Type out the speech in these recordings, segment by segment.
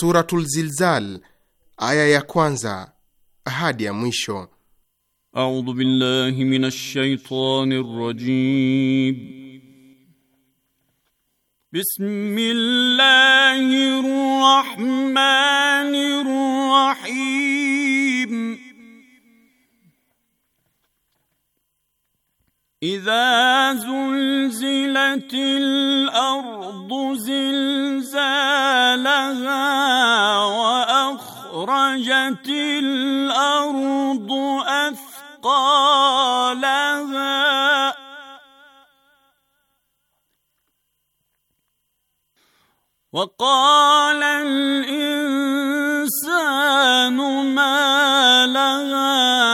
Suratul Zilzal aya ya kwanza hadi ya mwisho. A'udhu billahi minash shaitanir rajim. Bismillahir rahmanir rahim. إذا زلزلت الأرض زلزالها وأخرجت الأرض أثقالها وقال الإنسان ما لها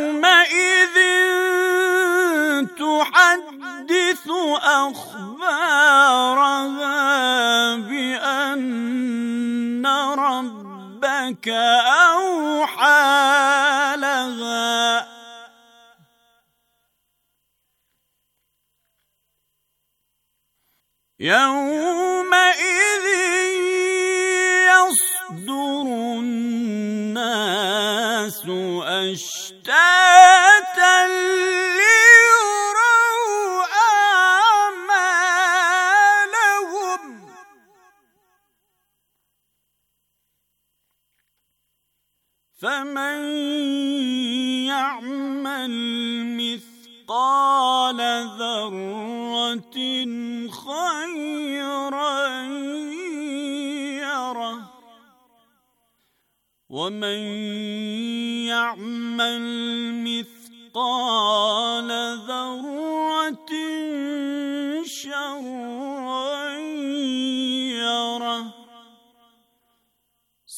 أخبارها بأن ربك أوحى لها يومئذ يصدر الناس أشتاق فمن يعمل مثقال ذره خيرا يره ومن يعمل مثقال ذرة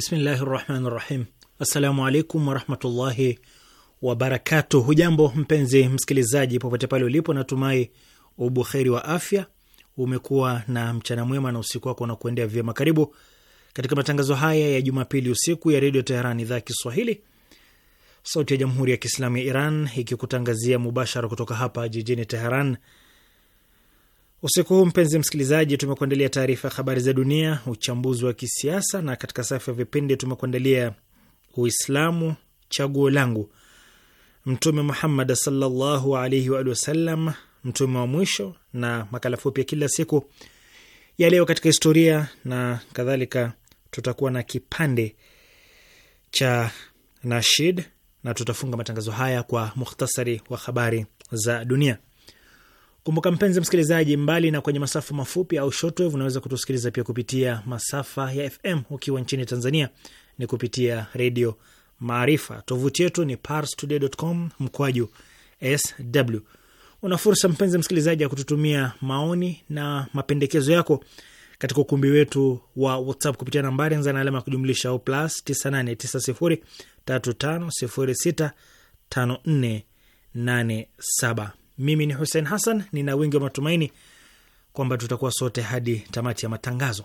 Bismillahi rahmani rahim. Assalamu alaikum warahmatullahi wabarakatuh. Hujambo mpenzi msikilizaji, popote pale ulipo, natumai ubuheri wa afya, umekuwa na mchana mwema na usiku wako unakuendea vyema. Karibu katika matangazo haya ya Jumapili usiku ya Redio Teheran, idhaa ya Kiswahili, sauti ya Jamhuri ya Kiislamu ya Iran, ikikutangazia mubashara kutoka hapa jijini Teheran Usiku huu mpenzi msikilizaji, tumekuandalia taarifa ya habari za dunia, uchambuzi wa kisiasa, na katika safu ya vipindi tumekuandalia Uislamu chaguo langu, Mtume Muhammad sallallahu alaihi wa sallam, mtume wa mwisho, na makala fupi ya kila siku ya leo katika historia na kadhalika. Tutakuwa na kipande cha nashid na tutafunga matangazo haya kwa mukhtasari wa habari za dunia. Kumbuka mpenzi msikilizaji, mbali na kwenye masafa mafupi au shortwave, unaweza kutusikiliza pia kupitia masafa ya FM. Ukiwa nchini Tanzania ni kupitia Redio Maarifa. Tovuti yetu ni parstoday.com mkwaju sw. Una fursa mpenzi msikilizaji ya kututumia maoni na mapendekezo yako katika ukumbi wetu wa WhatsApp kupitia nambari anza na alama ya kujumlisha au plus 989035065487. Mimi ni Hussein Hassan, nina wingi wa matumaini kwamba tutakuwa sote hadi tamati ya matangazo.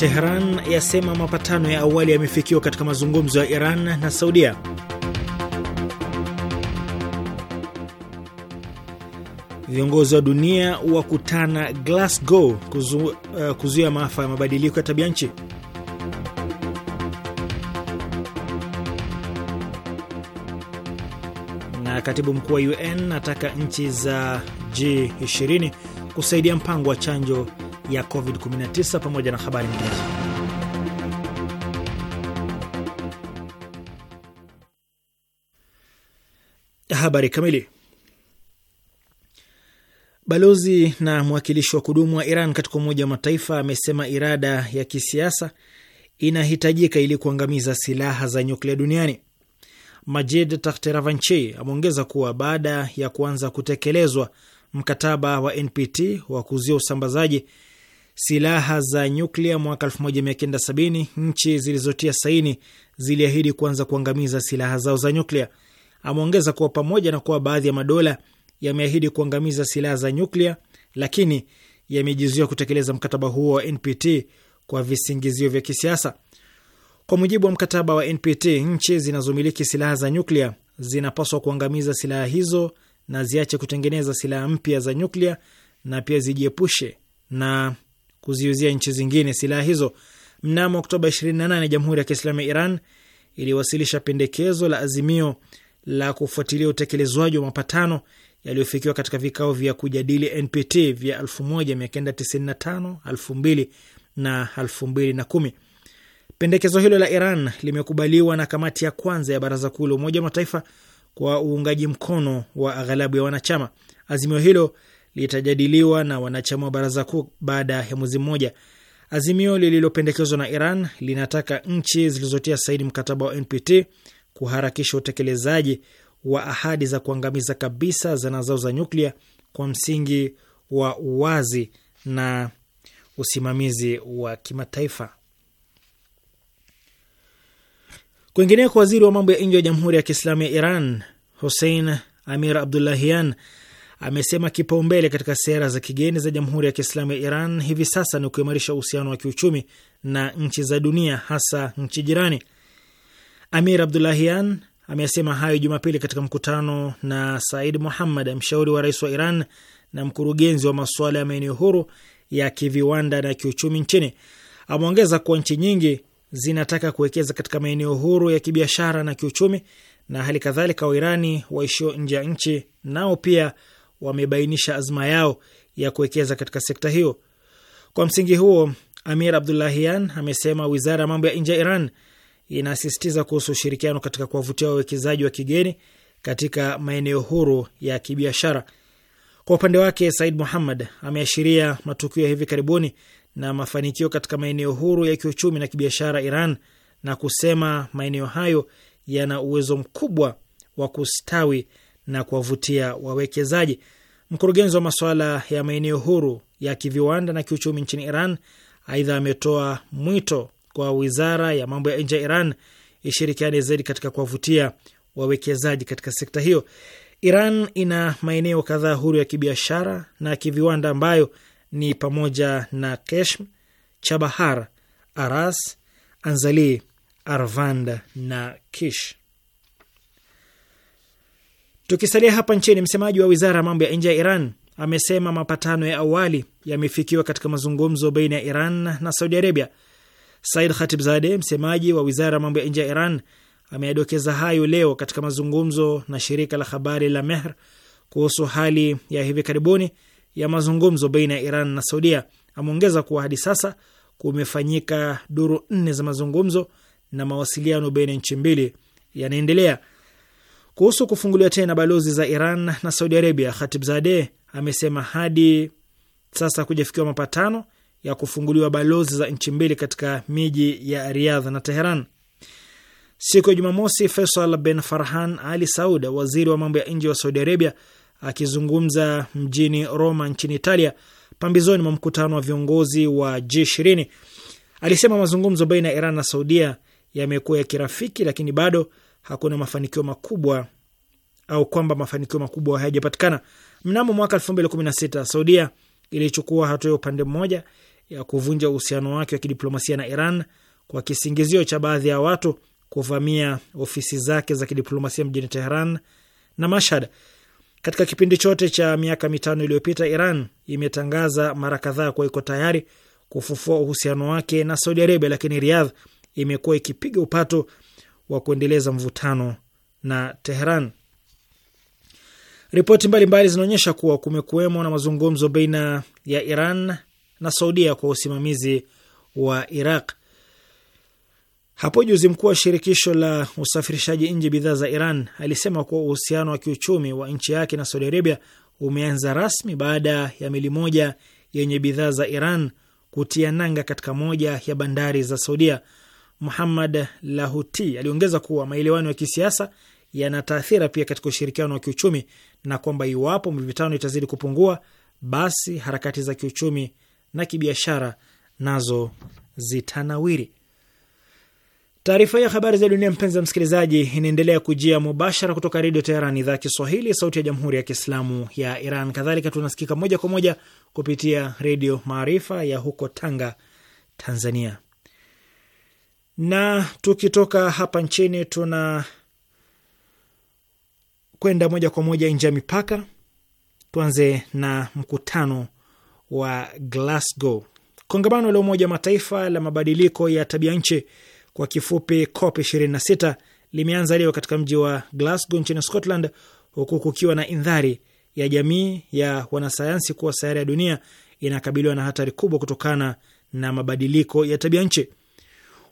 Tehran yasema mapatano ya awali yamefikiwa katika mazungumzo ya Iran na Saudia. Viongozi wa dunia wakutana Glasgow kuzuia uh, eh, kuzuia maafa ya mabadiliko ya tabia nchi. Na katibu mkuu wa UN ataka nchi za G20 kusaidia mpango wa chanjo ya COVID-19 pamoja na habari nyinginezo. Habari kamili. Balozi na mwakilishi wa kudumu wa Iran katika Umoja wa Mataifa amesema irada ya kisiasa inahitajika ili kuangamiza silaha za nyuklia duniani. Majid Tahteravanchi ameongeza kuwa baada ya kuanza kutekelezwa mkataba wa NPT wa kuzuia usambazaji silaha za nyuklia mwaka 1970 nchi zilizotia saini ziliahidi kuanza kuangamiza silaha zao za nyuklia. Ameongeza kuwa pamoja na kuwa baadhi ya madola yameahidi kuangamiza silaha za nyuklia, lakini yamejizuia kutekeleza mkataba huo wa NPT kwa visingizio vya kisiasa. Kwa mujibu wa mkataba wa NPT, nchi zinazomiliki silaha za nyuklia zinapaswa kuangamiza silaha hizo na ziache kutengeneza silaha mpya za nyuklia na pia zijiepushe na kuziuzia nchi zingine silaha hizo. Mnamo Oktoba 28 Jamhuri ya Kiislamu ya Iran iliwasilisha pendekezo la azimio la kufuatilia utekelezwaji wa mapatano yaliyofikiwa katika vikao vya kujadili NPT vya 1995, 2000 na 2010. Pendekezo hilo la Iran limekubaliwa na kamati ya kwanza ya Baraza Kuu la Umoja wa Mataifa kwa uungaji mkono wa aghalabu ya wanachama. Azimio hilo litajadiliwa na wanachama wa baraza kuu baada ya mwezi mmoja. Azimio lililopendekezwa na Iran linataka nchi zilizotia saini mkataba wa NPT kuharakisha utekelezaji wa ahadi za kuangamiza kabisa zana zao za nyuklia kwa msingi wa uwazi na usimamizi wa kimataifa. Kwingineko, waziri wa mambo ya nje wa Jamhuri ya Kiislamu ya Iran Hussein Amir Abdullahian amesema kipaumbele katika sera za kigeni za Jamhuri ya Kiislamu ya Iran hivi sasa ni kuimarisha uhusiano wa kiuchumi na nchi za dunia, hasa nchi jirani. Amir Abdulahian amesema hayo Jumapili katika mkutano na Said Muhammad, mshauri wa rais wa Iran na mkurugenzi wa masuala ya maeneo huru ya kiviwanda na kiuchumi nchini. Ameongeza kuwa nchi nyingi zinataka kuwekeza katika maeneo huru ya kibiashara na kiuchumi, na hali kadhalika Wairani waishio nje ya nchi nao pia wamebainisha azma yao ya kuwekeza katika sekta hiyo. Kwa msingi huo, Amir Abdullahian amesema wizara ya mambo ya nje ya Iran inasisitiza kuhusu ushirikiano katika kuwavutia wawekezaji wa kigeni katika maeneo huru ya kibiashara. Kwa upande wake, Said Muhammad ameashiria matukio ya hivi karibuni na mafanikio katika maeneo huru ya kiuchumi na kibiashara Iran na kusema maeneo hayo yana uwezo mkubwa wa kustawi na kuwavutia wawekezaji. Mkurugenzi wa masuala ya maeneo huru ya kiviwanda na kiuchumi nchini Iran aidha ametoa mwito kwa wizara ya mambo ya nje ya Iran ishirikiane zaidi katika kuwavutia wawekezaji katika sekta hiyo. Iran ina maeneo kadhaa huru ya kibiashara na kiviwanda ambayo ni pamoja na Keshm, Chabahar, Aras, Anzali, Arvand na Kish. Tukisalia hapa nchini, msemaji wa wizara ya mambo ya nje ya Iran amesema mapatano ya awali yamefikiwa katika mazungumzo baina ya Iran na Saudi Arabia. Said Khatibzade, msemaji wa wizara ya mambo ya nje ya Iran, ameyadokeza hayo leo katika mazungumzo na shirika la habari la Mehr kuhusu hali ya hivi karibuni ya mazungumzo baina ya Iran na Saudia. Ameongeza kuwa hadi sasa kumefanyika duru nne za mazungumzo na mawasiliano baina ya nchi mbili yanaendelea. Kuhusu kufunguliwa tena balozi za Iran na Saudi Arabia, Khatibzadeh amesema hadi sasa kujafikiwa mapatano ya kufunguliwa balozi za nchi mbili katika miji ya Riyadh na Teheran. Siku ya Jumamosi, Faisal bin Farhan Ali Saud, waziri wa mambo ya nje wa Saudi Arabia, akizungumza mjini Roma nchini Italia, pambizoni mwa mkutano wa viongozi wa G20, alisema mazungumzo baina ya Iran na Saudia yamekuwa ya kirafiki, lakini bado hakuna mafanikio makubwa au kwamba mafanikio makubwa hayajapatikana. Mnamo mwaka elfu mbili kumi na sita Saudia ilichukua hatua ya upande mmoja ya kuvunja uhusiano wake wa kidiplomasia na Iran kwa kisingizio cha baadhi ya watu kuvamia ofisi zake za kidiplomasia mjini Teheran na Mashhad. Katika kipindi chote cha miaka mitano iliyopita, Iran imetangaza mara kadhaa kuwa iko tayari kufufua uhusiano wake na Saudi Arabia, lakini Riyadh imekuwa ikipiga upato wa kuendeleza mvutano na Teheran. Ripoti mbalimbali zinaonyesha kuwa kumekuwemo na mazungumzo baina ya Iran na Saudia kwa usimamizi wa Iraq. Hapo juzi mkuu wa shirikisho la usafirishaji nje bidhaa za Iran alisema kuwa uhusiano wa kiuchumi wa nchi yake na Saudi Arabia umeanza rasmi baada ya meli moja yenye bidhaa za Iran kutia nanga katika moja ya bandari za Saudia. Muhammad Lahuti aliongeza kuwa maelewano ya kisiasa yana taathira pia katika ushirikiano wa kiuchumi na kwamba iwapo mivutano itazidi kupungua, basi harakati za kiuchumi na kibiashara nazo zitanawiri. Taarifa hii ya habari za dunia, mpenzi wa msikilizaji, inaendelea kujia mubashara kutoka Redio Teheran, idhaa ya Kiswahili, sauti ya jamhuri ya kiislamu ya Iran. Kadhalika tunasikika moja kwa moja kupitia Redio Maarifa ya huko Tanga, Tanzania. Na tukitoka hapa nchini tuna kwenda moja kwa moja nje ya mipaka. Tuanze na mkutano wa Glasgow. Kongamano la Umoja wa Mataifa la mabadiliko ya tabia nchi kwa kifupi COP 26 limeanza leo katika mji wa Glasgow nchini Scotland, huku kukiwa na indhari ya jamii ya wanasayansi kuwa sayari ya dunia inakabiliwa na hatari kubwa kutokana na mabadiliko ya tabia nchi.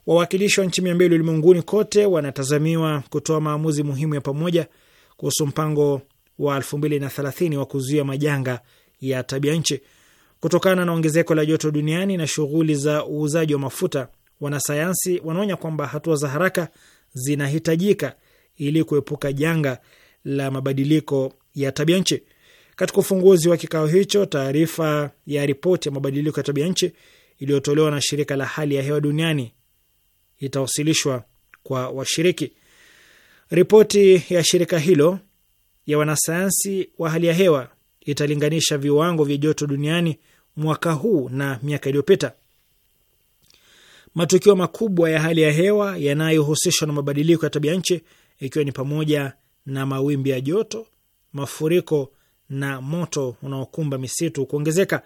Wawakilishi wa nchi mia mbili ulimwenguni kote wanatazamiwa kutoa maamuzi muhimu ya pamoja kuhusu mpango wa elfu mbili na thelathini wa kuzuia majanga ya tabia nchi. Kutokana na ongezeko la joto duniani na shughuli za uuzaji wa mafuta, wanasayansi wanaonya kwamba hatua za haraka zinahitajika ili kuepuka janga la mabadiliko ya tabia nchi. Katika ufunguzi wa kikao hicho, taarifa ya ripoti ya mabadiliko ya tabia nchi iliyotolewa na shirika la hali ya hewa duniani itawasilishwa kwa washiriki. Ripoti ya shirika hilo ya wanasayansi wa hali ya hewa italinganisha viwango vya joto duniani mwaka huu na miaka iliyopita. Matukio makubwa ya hali ya hewa yanayohusishwa na mabadiliko ya tabia nchi, ikiwa ni pamoja na mawimbi ya joto, mafuriko na moto unaokumba misitu kuongezeka.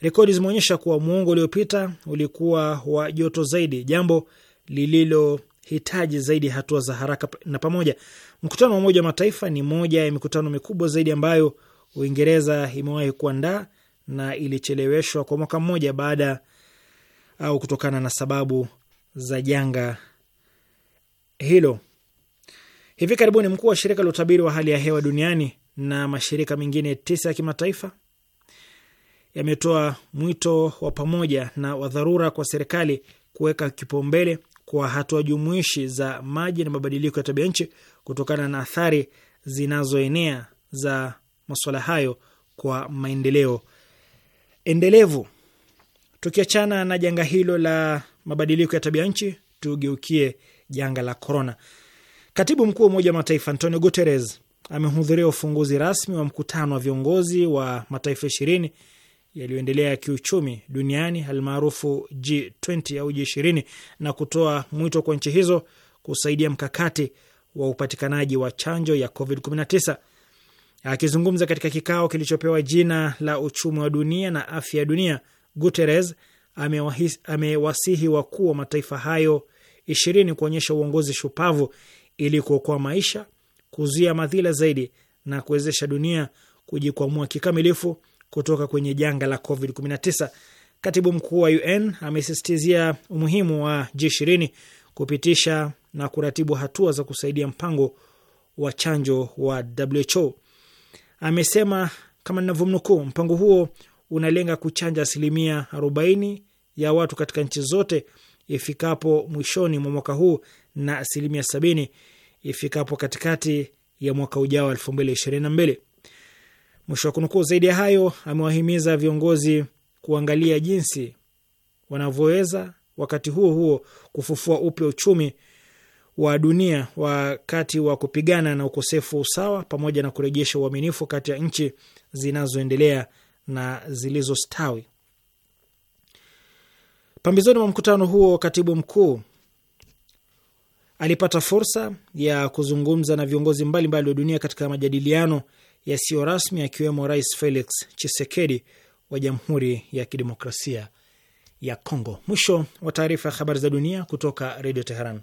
Rekodi zimeonyesha kuwa muongo uliopita ulikuwa wa joto zaidi, jambo lililohitaji zaidi hatua za haraka na pamoja. Mkutano wa Umoja wa Mataifa ni moja ya mikutano mikubwa zaidi ambayo Uingereza imewahi kuandaa na ilicheleweshwa kwa mwaka mmoja baada au kutokana na sababu za janga hilo. Hivi karibuni mkuu wa shirika la utabiri wa hali ya hewa duniani na mashirika mengine tisa ya kimataifa yametoa mwito wa pamoja na wa dharura kwa serikali kuweka kipaumbele kwa hatua jumuishi za maji na mabadiliko ya tabia nchi kutokana na athari zinazoenea za masuala hayo kwa maendeleo endelevu. Tukiachana na janga hilo la mabadiliko ya tabia nchi, tugeukie janga la korona. Katibu mkuu wa Umoja wa Mataifa Antonio Guterres amehudhuria ufunguzi rasmi wa mkutano wa viongozi wa mataifa ishirini yaliyoendelea ya kiuchumi duniani almaarufu G20 au G20 na kutoa mwito kwa nchi hizo kusaidia mkakati wa upatikanaji wa chanjo ya COVID-19. Akizungumza katika kikao kilichopewa jina la uchumi wa dunia na afya ya dunia, Guterres amewasihi wakuu wa mataifa hayo ishirini kuonyesha uongozi shupavu ili kuokoa maisha, kuzuia madhila zaidi na kuwezesha dunia kujikwamua kikamilifu kutoka kwenye janga la COVID-19. Katibu mkuu wa UN amesisitizia umuhimu wa G20 kupitisha na kuratibu hatua za kusaidia mpango wa chanjo wa WHO. Amesema kama ninavyomnukuu, mpango huo unalenga kuchanja asilimia 40 ya watu katika nchi zote ifikapo mwishoni mwa mwaka huu na asilimia 70 ifikapo katikati ya mwaka ujao 2022. Mwisho wa kunukuu. Zaidi ya hayo, amewahimiza viongozi kuangalia jinsi wanavyoweza wakati huo huo kufufua upya uchumi wa dunia wakati wa kupigana na ukosefu wa usawa pamoja na kurejesha uaminifu kati ya nchi zinazoendelea na zilizostawi. Pambizoni mwa mkutano huo, katibu mkuu alipata fursa ya kuzungumza na viongozi mbalimbali wa dunia katika majadiliano yasiyo rasmi akiwemo Rais Felix Chisekedi wa Jamhuri ya Kidemokrasia ya Kongo. Mwisho wa taarifa ya habari za dunia kutoka Redio Teheran.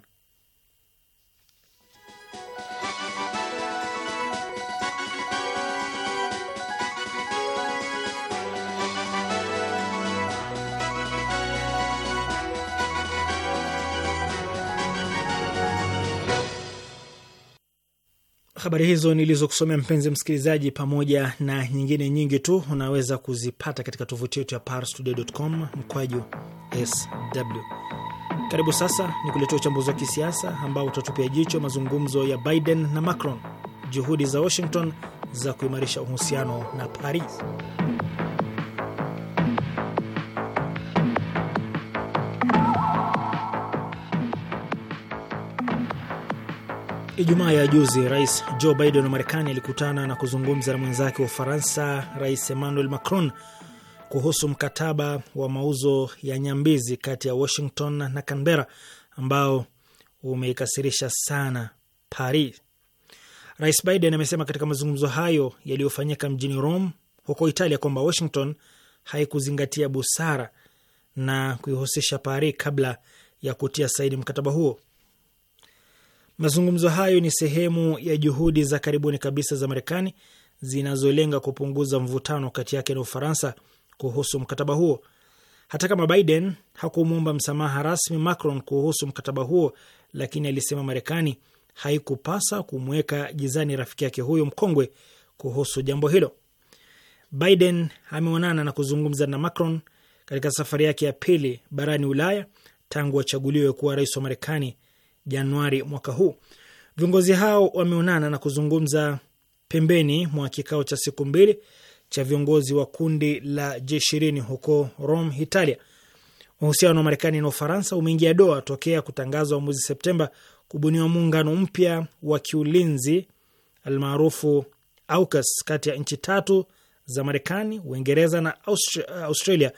Habari hizo nilizokusomea mpenzi msikilizaji, pamoja na nyingine nyingi tu unaweza kuzipata katika tovuti yetu ya parstoday.com mkwaju sw. Karibu sasa ni kuletea uchambuzi wa kisiasa ambao utatupia jicho mazungumzo ya Biden na Macron, juhudi za Washington za kuimarisha uhusiano na Paris. Ijumaa ya juzi Rais Joe Biden wa Marekani alikutana na kuzungumza na mwenzake wa Ufaransa, Rais Emmanuel Macron, kuhusu mkataba wa mauzo ya nyambizi kati ya Washington na Canberra ambao umeikasirisha sana Paris. Rais Biden amesema katika mazungumzo hayo yaliyofanyika mjini Rome huko Italia kwamba Washington haikuzingatia busara na kuihusisha Paris kabla ya kutia saini mkataba huo. Mazungumzo hayo ni sehemu ya juhudi za karibuni kabisa za Marekani zinazolenga kupunguza mvutano kati yake na Ufaransa kuhusu mkataba huo. Hata kama Biden hakumwomba msamaha rasmi Macron kuhusu mkataba huo, lakini alisema Marekani haikupasa kumweka jizani rafiki yake huyo mkongwe kuhusu jambo hilo. Biden ameonana na kuzungumza na Macron katika safari yake ya pili barani Ulaya tangu achaguliwe kuwa rais wa Marekani Januari mwaka huu. Viongozi hao wameonana na kuzungumza pembeni mwa kikao cha siku mbili cha viongozi wa kundi la G20 huko Rome, Italia. Uhusiano wa Marekani na Ufaransa umeingia doa tokea kutangazwa mwezi Septemba kubuniwa muungano mpya wa kiulinzi almaarufu AUKUS kati ya nchi tatu za Marekani, Uingereza na Australia,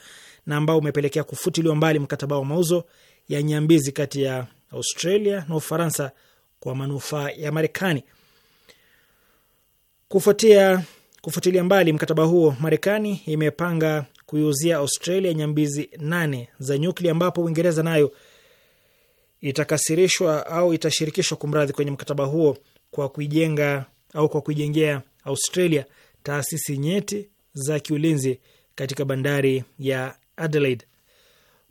na ambao umepelekea kufutiliwa mbali mkataba wa mauzo ya nyambizi kati ya Australia na Ufaransa kwa manufaa ya Marekani. Kufuatia kufuatilia mbali mkataba huo, Marekani imepanga kuiuzia Australia nyambizi nane za nyuklia, ambapo Uingereza nayo itakasirishwa au itashirikishwa kumradhi, kwenye mkataba huo kwa kuijenga au kwa kuijengea Australia taasisi nyeti za kiulinzi katika bandari ya Adelaide.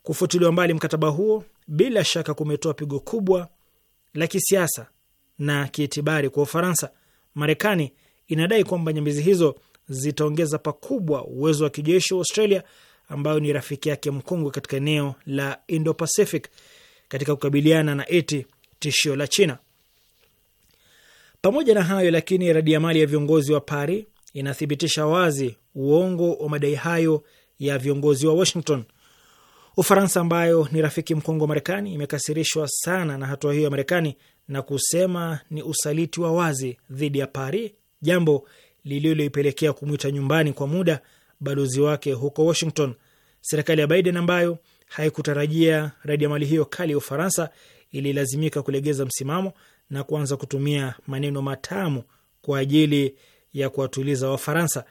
Kufutiliwa mbali mkataba huo bila shaka kumetoa pigo kubwa la kisiasa na kiitibari kwa Ufaransa. Marekani inadai kwamba nyambizi hizo zitaongeza pakubwa uwezo wa kijeshi wa Australia, ambayo ni rafiki yake mkongwe katika eneo la Indo-Pacific, katika kukabiliana na eti tishio la China. Pamoja na hayo lakini, radiamali ya viongozi wa Paris inathibitisha wazi uongo wa madai hayo ya viongozi wa Washington. Ufaransa ambayo ni rafiki mkongwe wa Marekani imekasirishwa sana na hatua hiyo ya Marekani na kusema ni usaliti wa wazi dhidi ya Paris, jambo lililoipelekea kumwita nyumbani kwa muda balozi wake huko Washington. Serikali ya Biden ambayo haikutarajia radi ya mali hiyo kali ya Ufaransa ililazimika kulegeza msimamo na kuanza kutumia maneno matamu kwa ajili ya kuwatuliza Wafaransa.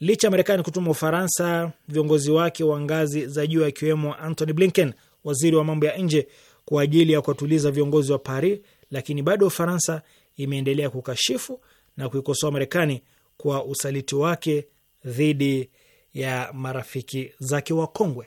Licha ya Marekani kutuma Ufaransa viongozi wake wa ngazi za juu akiwemo Antony Blinken, waziri wa mambo ya nje, kwa ajili ya kuwatuliza viongozi wa Paris, lakini bado Ufaransa imeendelea kukashifu na kuikosoa Marekani kwa usaliti wake dhidi ya marafiki zake wakongwe.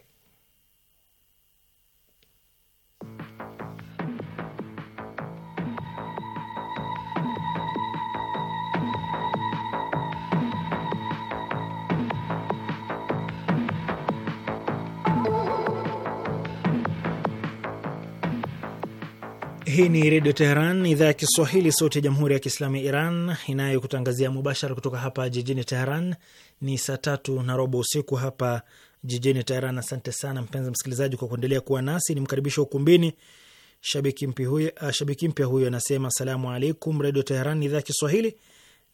Hii ni Redio Teheran, idhaa ya Kiswahili, sauti ya Jamhuri ya Kiislamu ya Iran inayokutangazia mubashara kutoka hapa jijini Teheran. Ni saa tatu na robo usiku hapa jijini Teheran. Asante sana mpenzi msikilizaji kwa kuendelea kuwa nasi. Nimkaribisha ukumbini shabiki mpya huyo, ah, shabiki mpya huyo anasema asalamu alaikum, Redio Teheran idhaa ya Kiswahili,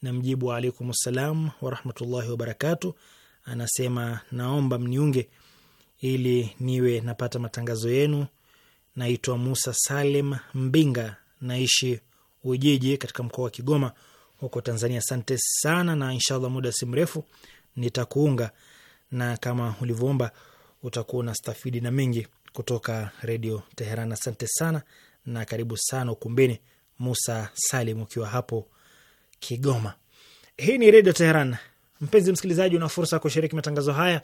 na mjibu wa alaikum salam warahmatullahi wabarakatu. Anasema naomba mniunge ili niwe napata matangazo yenu naitwa Musa Salim Mbinga, naishi Ujiji katika mkoa wa Kigoma huko Tanzania. Asante sana, na inshallah muda si mrefu nitakuunga, na kama ulivyoomba utakuwa unastafidi stafidi na mengi kutoka Redio Teheran. Asante sana na karibu sana ukumbini, Musa Salim, ukiwa hapo Kigoma. Hii ni Redio Teheran. Mpenzi msikilizaji, una fursa ya kushiriki matangazo haya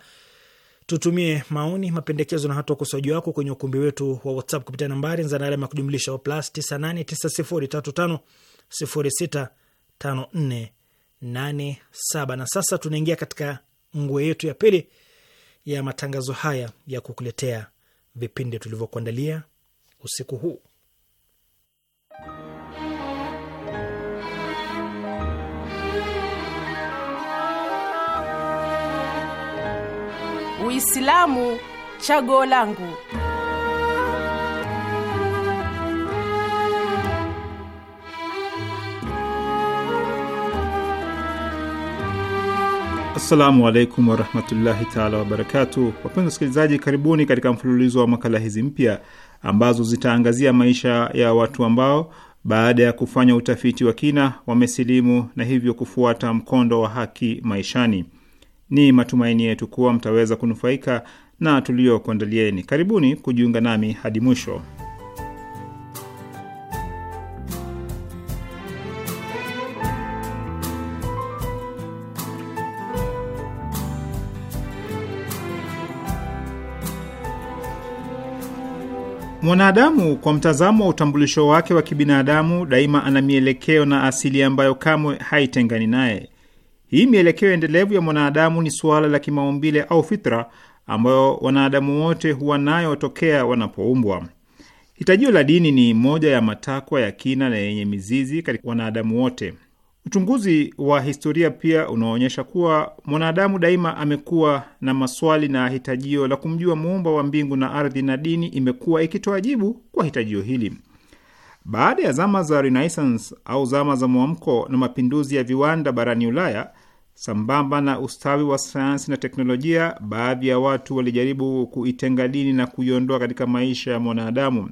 Tutumie maoni, mapendekezo na hata ukosoaji wako kwenye ukumbi wetu wa WhatsApp kupitia nambari nzana alama ya kujumlisha wa plus 989035065487. Na sasa tunaingia katika ngwe yetu ya pili ya matangazo haya ya kukuletea vipindi tulivyokuandalia usiku huu. Uislamu chaguo langu. Assalamu alaikum warahmatullahi taala wabarakatu. Wapenzi wasikilizaji, karibuni katika mfululizo wa makala hizi mpya ambazo zitaangazia maisha ya watu ambao baada ya kufanya utafiti wa kina wamesilimu na hivyo kufuata mkondo wa haki maishani. Ni matumaini yetu kuwa mtaweza kunufaika na tuliokuandalieni Karibuni kujiunga nami hadi mwisho. Mwanadamu kwa mtazamo wa utambulisho wake wa kibinadamu daima ana mielekeo na asili ambayo kamwe haitengani naye. Hii mielekeo endelevu ya mwanadamu ni suala la kimaumbile au fitra ambayo wanadamu wote huwa nayo tokea wanapoumbwa. Hitajio la dini ni moja ya matakwa ya kina na yenye mizizi katika wanadamu wote. Uchunguzi wa historia pia unaonyesha kuwa mwanadamu daima amekuwa na maswali na hitajio la kumjua muumba wa mbingu na ardhi, na dini imekuwa ikitoa jibu kwa hitajio hili. Baada ya zama za Renaissance au zama za mwamko na mapinduzi ya viwanda barani Ulaya, sambamba na ustawi wa sayansi na teknolojia, baadhi ya watu walijaribu kuitenga dini na kuiondoa katika maisha ya mwanadamu.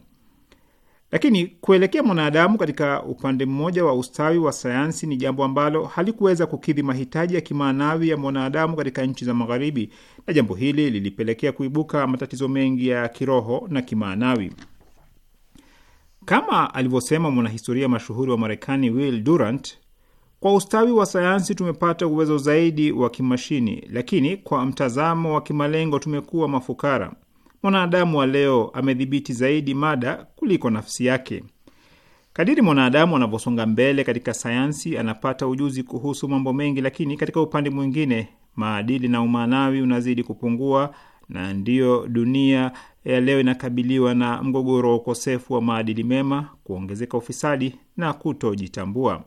Lakini kuelekea mwanadamu katika upande mmoja wa ustawi wa sayansi ni jambo ambalo halikuweza kukidhi mahitaji ya kimaanawi ya mwanadamu katika nchi za Magharibi, na jambo hili lilipelekea kuibuka matatizo mengi ya kiroho na kimaanawi. Kama alivyosema mwanahistoria mashuhuri wa Marekani Will Durant, kwa ustawi wa sayansi tumepata uwezo zaidi wa kimashini, lakini kwa mtazamo wa kimalengo tumekuwa mafukara. Mwanadamu wa leo amedhibiti zaidi mada kuliko nafsi yake. Kadiri mwanadamu anavyosonga mbele katika sayansi, anapata ujuzi kuhusu mambo mengi, lakini katika upande mwingine, maadili na umaanawi unazidi kupungua, na ndiyo dunia ya leo inakabiliwa na mgogoro wa ukosefu wa maadili mema, kuongezeka ufisadi na kutojitambua.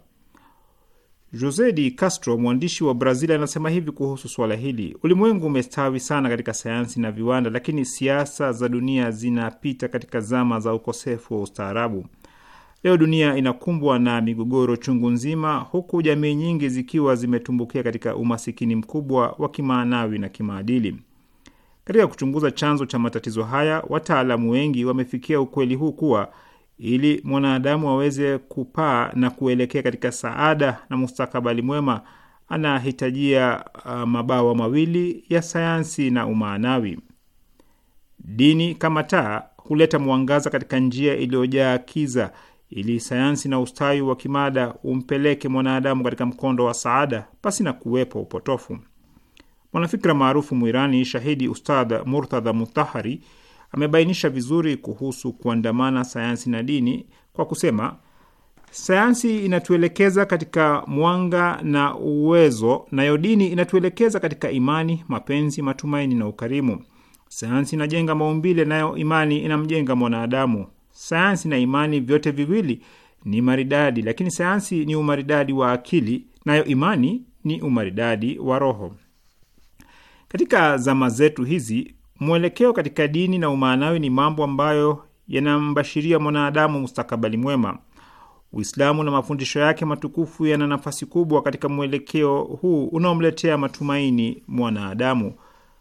Jose de Castro, mwandishi wa Brazil, anasema hivi kuhusu suala hili: ulimwengu umestawi sana katika sayansi na viwanda, lakini siasa za dunia zinapita katika zama za ukosefu wa ustaarabu. Leo dunia inakumbwa na migogoro chungu nzima, huku jamii nyingi zikiwa zimetumbukia katika umasikini mkubwa wa kimaanawi na kimaadili. Katika kuchunguza chanzo cha matatizo haya, wataalamu wengi wamefikia ukweli huu kuwa ili mwanadamu aweze kupaa na kuelekea katika saada na mustakabali mwema, anahitajia uh, mabawa mawili ya sayansi na umaanawi. Dini kama taa huleta mwangaza katika njia iliyojaa kiza, ili sayansi na ustawi wa kimada umpeleke mwanadamu katika mkondo wa saada pasi na kuwepo upotofu mwanafikira maarufu Mwirani shahidi Ustad Murtadha Mutahari amebainisha vizuri kuhusu kuandamana sayansi na dini kwa kusema, sayansi inatuelekeza katika mwanga na uwezo, nayo dini inatuelekeza katika imani, mapenzi, matumaini na ukarimu. Sayansi inajenga maumbile, nayo imani inamjenga mwanadamu. Sayansi na imani, vyote viwili ni maridadi, lakini sayansi ni umaridadi wa akili, nayo imani ni umaridadi wa roho. Katika zama zetu hizi, mwelekeo katika dini na umaanawi ni mambo ambayo yanambashiria mwanadamu mustakabali mwema. Uislamu na mafundisho yake matukufu yana nafasi kubwa katika mwelekeo huu unaomletea matumaini mwanadamu.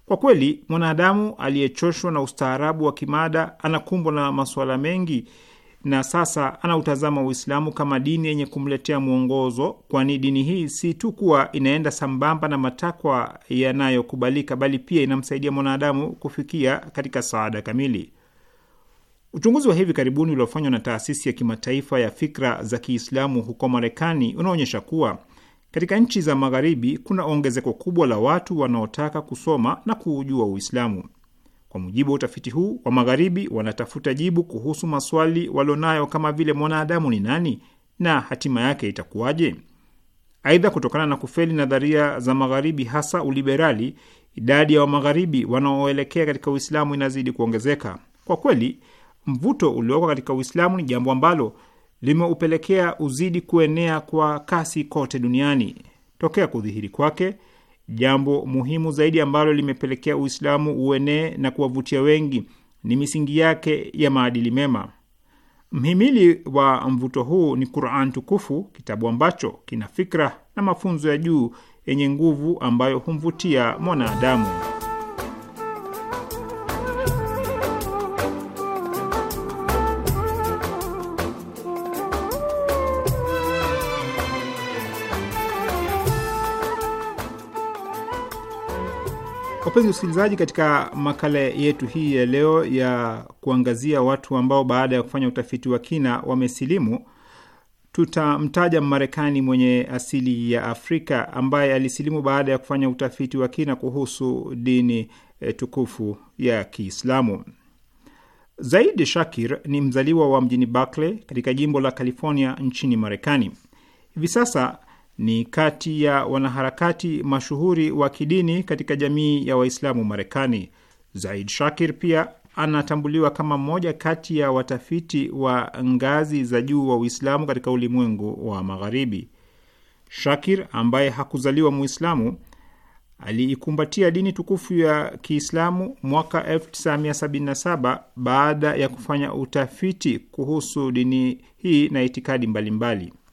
Kwa kweli, mwanadamu aliyechoshwa na ustaarabu wa kimada anakumbwa na masuala mengi na sasa anautazama Uislamu kama dini yenye kumletea mwongozo, kwani dini hii si tu kuwa inaenda sambamba na matakwa yanayokubalika, bali pia inamsaidia mwanadamu kufikia katika saada kamili. Uchunguzi wa hivi karibuni uliofanywa na taasisi ya kimataifa ya fikra za Kiislamu huko Marekani unaonyesha kuwa katika nchi za Magharibi kuna ongezeko kubwa la watu wanaotaka kusoma na kuujua Uislamu. Kwa mujibu wa utafiti huu wa Magharibi, wanatafuta jibu kuhusu maswali walionayo kama vile mwanadamu ni nani na hatima yake itakuwaje. Aidha, kutokana na kufeli nadharia za Magharibi, hasa uliberali, idadi ya Wamagharibi wanaoelekea katika Uislamu inazidi kuongezeka. Kwa kweli, mvuto ulioko katika Uislamu ni jambo ambalo limeupelekea uzidi kuenea kwa kasi kote duniani tokea kudhihiri kwake Jambo muhimu zaidi ambalo limepelekea Uislamu uenee na kuwavutia wengi ni misingi yake ya maadili mema. Mhimili wa mvuto huu ni Quran Tukufu, kitabu ambacho kina fikra na mafunzo ya juu yenye nguvu ambayo humvutia mwanadamu. Wapenzi wasikilizaji, katika makala yetu hii ya leo ya kuangazia watu ambao baada ya kufanya utafiti wa kina wamesilimu, tutamtaja Mmarekani mwenye asili ya Afrika ambaye alisilimu baada ya kufanya utafiti wa kina kuhusu dini e, tukufu ya Kiislamu. Zaid Shakir ni mzaliwa wa mjini Berkeley katika jimbo la California nchini Marekani. Hivi sasa ni kati ya wanaharakati mashuhuri wa kidini katika jamii ya Waislamu Marekani. Zaid Shakir pia anatambuliwa kama mmoja kati ya watafiti wa ngazi za juu wa Uislamu katika ulimwengu wa Magharibi. Shakir ambaye hakuzaliwa Muislamu aliikumbatia dini tukufu ya Kiislamu mwaka 1977 baada ya kufanya utafiti kuhusu dini hii na itikadi mbalimbali mbali.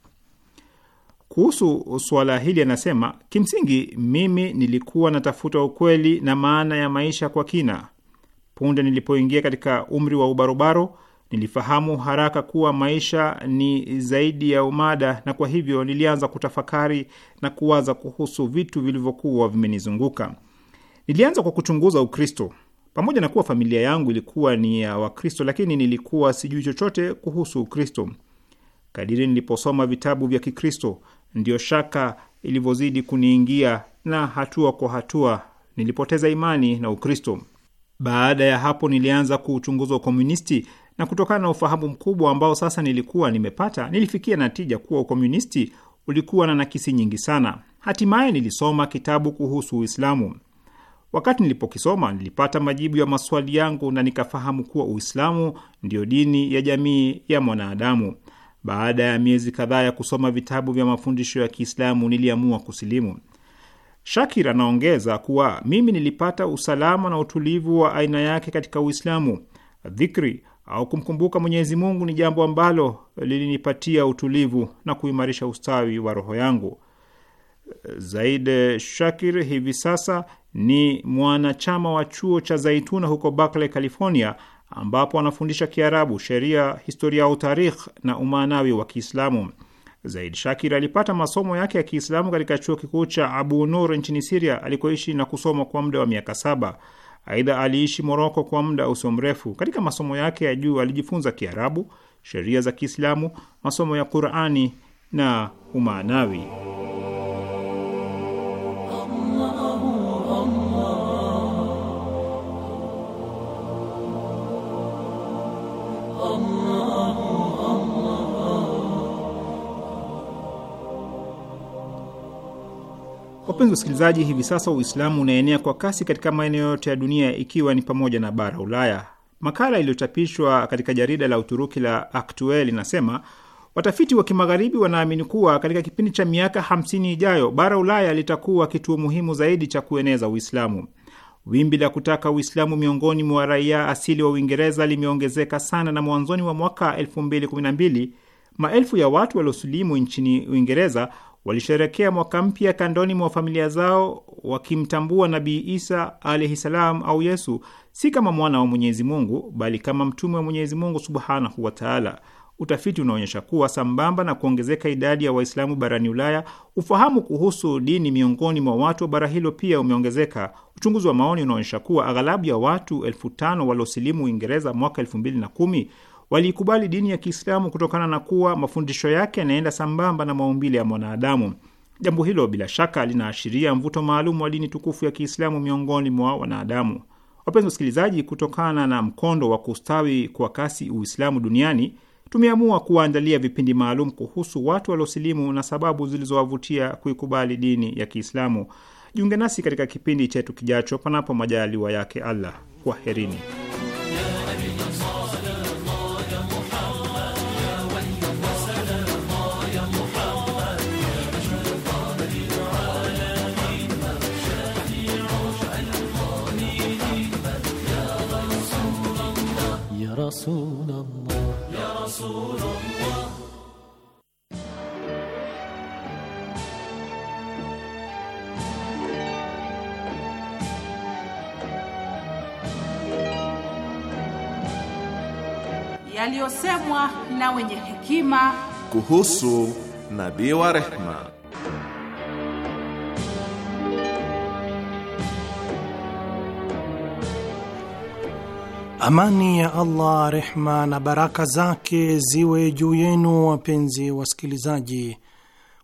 Kuhusu suala hili anasema, kimsingi mimi nilikuwa natafuta ukweli na maana ya maisha kwa kina. Punde nilipoingia katika umri wa ubarobaro, nilifahamu haraka kuwa maisha ni zaidi ya umada, na kwa hivyo nilianza kutafakari na kuwaza kuhusu vitu vilivyokuwa vimenizunguka. Nilianza kwa kuchunguza Ukristo. Pamoja na kuwa familia yangu ilikuwa ni ya Wakristo, lakini nilikuwa sijui chochote kuhusu Ukristo. Kadiri niliposoma vitabu vya Kikristo Ndiyo shaka ilivyozidi kuniingia, na hatua kwa hatua nilipoteza imani na Ukristo. Baada ya hapo, nilianza kuuchunguza ukomunisti, na kutokana na ufahamu mkubwa ambao sasa nilikuwa nimepata, nilifikia natija kuwa ukomunisti ulikuwa na nakisi nyingi sana. Hatimaye nilisoma kitabu kuhusu Uislamu. Wakati nilipokisoma nilipata majibu ya maswali yangu na nikafahamu kuwa Uislamu ndiyo dini ya jamii ya mwanadamu. Baada ya miezi kadhaa ya kusoma vitabu vya mafundisho ya Kiislamu niliamua kusilimu. Shakir anaongeza kuwa mimi nilipata usalama na utulivu wa aina yake katika Uislamu. Dhikri au kumkumbuka Mwenyezi Mungu ni jambo ambalo lilinipatia utulivu na kuimarisha ustawi wa roho yangu. Zaid Shakir hivi sasa ni mwanachama wa chuo cha Zaituna huko Berkeley, California ambapo anafundisha Kiarabu, sheria, historia au tarikh na umaanawi wa Kiislamu. Zaid Shakir alipata masomo yake ya Kiislamu katika chuo kikuu cha Abu Nur nchini Siria alikoishi na kusoma kwa muda wa miaka saba. Aidha, aliishi Moroko kwa muda usio mrefu. Katika masomo yake ya juu alijifunza Kiarabu, sheria za Kiislamu, masomo ya Qurani na umaanawi. Wapenzi wasikilizaji, hivi sasa Uislamu unaenea kwa kasi katika maeneo yote ya dunia ikiwa ni pamoja na bara Ulaya. Makala iliyochapishwa katika jarida la Uturuki la Aktuel inasema watafiti wa kimagharibi wanaamini kuwa katika kipindi cha miaka 50 ijayo bara Ulaya litakuwa kituo muhimu zaidi cha kueneza Uislamu. Wimbi la kutaka Uislamu miongoni mwa raia asili wa Uingereza limeongezeka sana, na mwanzoni wa mwaka 2012 maelfu ya watu waliosulimu nchini Uingereza walisherekea mwaka mpya kandoni mwa familia zao wakimtambua Nabii Isa alaihi salam au Yesu si kama mwana wa Mwenyezi Mungu bali kama mtume wa Mwenyezi Mungu subhanahu wataala. Utafiti unaonyesha kuwa sambamba na kuongezeka idadi ya Waislamu barani Ulaya, ufahamu kuhusu dini miongoni mwa watu wa bara hilo pia umeongezeka. Uchunguzi wa maoni unaonyesha kuwa aghalabu ya watu elfu tano waliosilimu Uingereza mwaka elfu mbili na kumi waliikubali dini ya Kiislamu kutokana na kuwa mafundisho yake yanaenda sambamba na maumbile ya mwanadamu. Jambo hilo bila shaka linaashiria mvuto maalum wa dini tukufu ya Kiislamu miongoni mwa wanadamu. Wapenzi wasikilizaji, kutokana na mkondo wa kustawi kwa kasi Uislamu duniani tumeamua kuwaandalia vipindi maalum kuhusu watu waliosilimu na sababu zilizowavutia kuikubali dini ya Kiislamu. Jiunge nasi katika kipindi chetu kijacho, panapo majaliwa yake Allah. Kwaherini. رسول الله يا رسول الله yaliyosemwa na wenye hekima kuhusu nabii wa rehma Amani ya Allah, rehma na baraka zake ziwe juu yenu, wapenzi wasikilizaji.